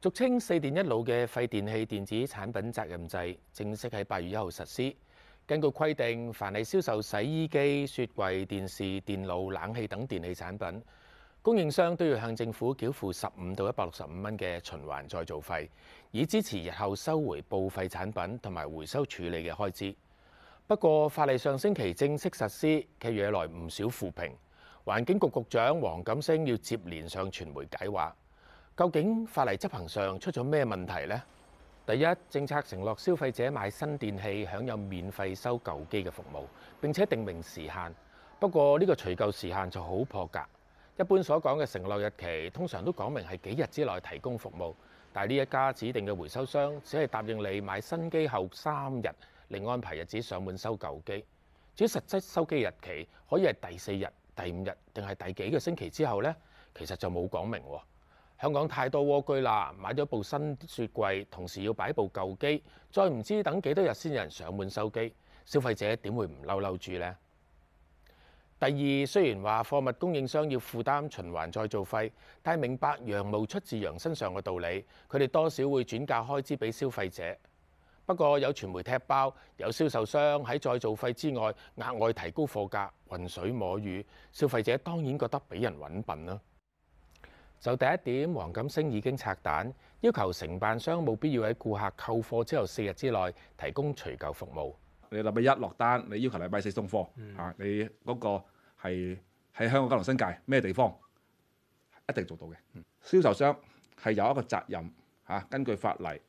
俗稱四電一腦嘅廢電器電子產品責任制正式喺八月一號實施。根據規定，凡係銷售洗衣機、雪櫃、電視、電腦、冷氣等電器產品，供應商都要向政府繳付十五到一百六十五蚊嘅循環再造費，以支持日後收回報廢產品同埋回收處理嘅開支。不過法例上星期正式實施，卻惹來唔少負評。環境局局長黃錦星要接連上傳媒解話。究竟法例執行上出咗咩問題呢？第一，政策承諾消費者買新電器享有免費收舊機嘅服務，並且定明時限。不過呢個除舊時限就好破格。一般所講嘅承諾日期通常都講明係幾日之內提供服務，但係呢一家指定嘅回收商只係答應你買新機後三日另安排日子上門收舊機，至於實際收機日期可以係第四日、第五日定係第幾個星期之後呢，其實就冇講明喎。香港太多窩居啦，買咗部新雪櫃，同時要擺部舊機，再唔知等幾多日先有人上門收機。消費者點會唔嬲嬲住呢？第二，雖然話貨物供應商要負擔循環再造費，但係明白羊毛出自羊身上嘅道理，佢哋多少會轉嫁開支俾消費者。不過有傳媒踢包，有銷售商喺再造費之外額外提高貨價，混水摸魚，消費者當然覺得俾人揾笨啦。就第一點，黃錦星已經拆彈，要求承辦商務必要喺顧客購貨之後四日之內提供除舊服務。你禮拜一落單，你要求禮拜四送貨嚇，你嗰個係喺香港九龍新界咩地方，一定做到嘅。銷售商係有一個責任嚇，根據法例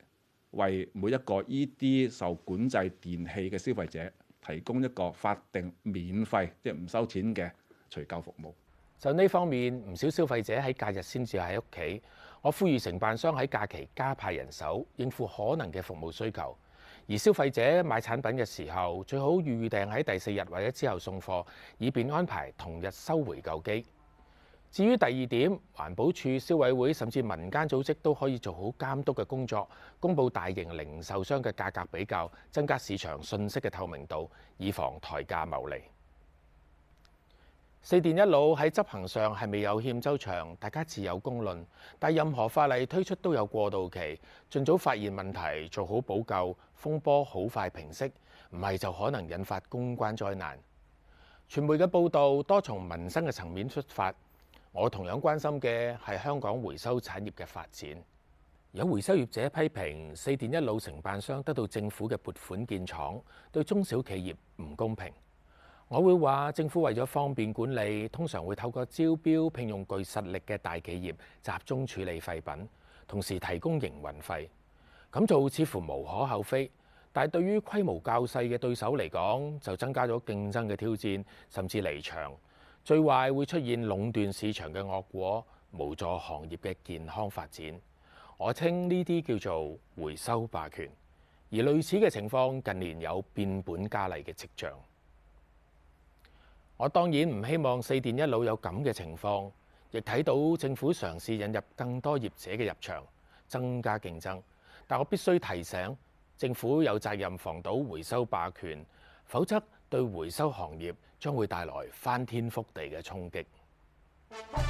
為每一個依啲受管制電器嘅消費者提供一個法定免費，即係唔收錢嘅除舊服務。就呢方面，唔少消費者喺假日先至喺屋企。我呼籲承辦商喺假期加派人手，應付可能嘅服務需求。而消費者買產品嘅時候，最好預訂喺第四日或者之後送貨，以便安排同日收回舊機。至於第二點，環保署、消委會甚至民間組織都可以做好監督嘅工作，公布大型零售商嘅價格比較，增加市場信息嘅透明度，以防抬價牟利。四電一腦喺執行上係未有欠周詳，大家自有公論。但任何法例推出都有過渡期，盡早發現問題，做好補救，風波好快平息。唔係就可能引發公關災難。傳媒嘅報導多從民生嘅層面出發，我同樣關心嘅係香港回收產業嘅發展。有回收業者批評四電一腦承辦商得到政府嘅撥款建廠，對中小企業唔公平。我會話，政府為咗方便管理，通常會透過招標聘用具實力嘅大企業集中處理廢品，同時提供營運費，咁做似乎無可厚非。但係對於規模較細嘅對手嚟講，就增加咗競爭嘅挑戰，甚至離場。最壞會出現壟斷市場嘅惡果，無助行業嘅健康發展。我稱呢啲叫做「回收霸權」，而類似嘅情況近年有變本加厲嘅跡象。我當然唔希望四電一腦有咁嘅情況，亦睇到政府嘗試引入更多業者嘅入場，增加競爭。但我必須提醒，政府有責任防堵回收霸權，否則對回收行業將會帶來翻天覆地嘅衝擊。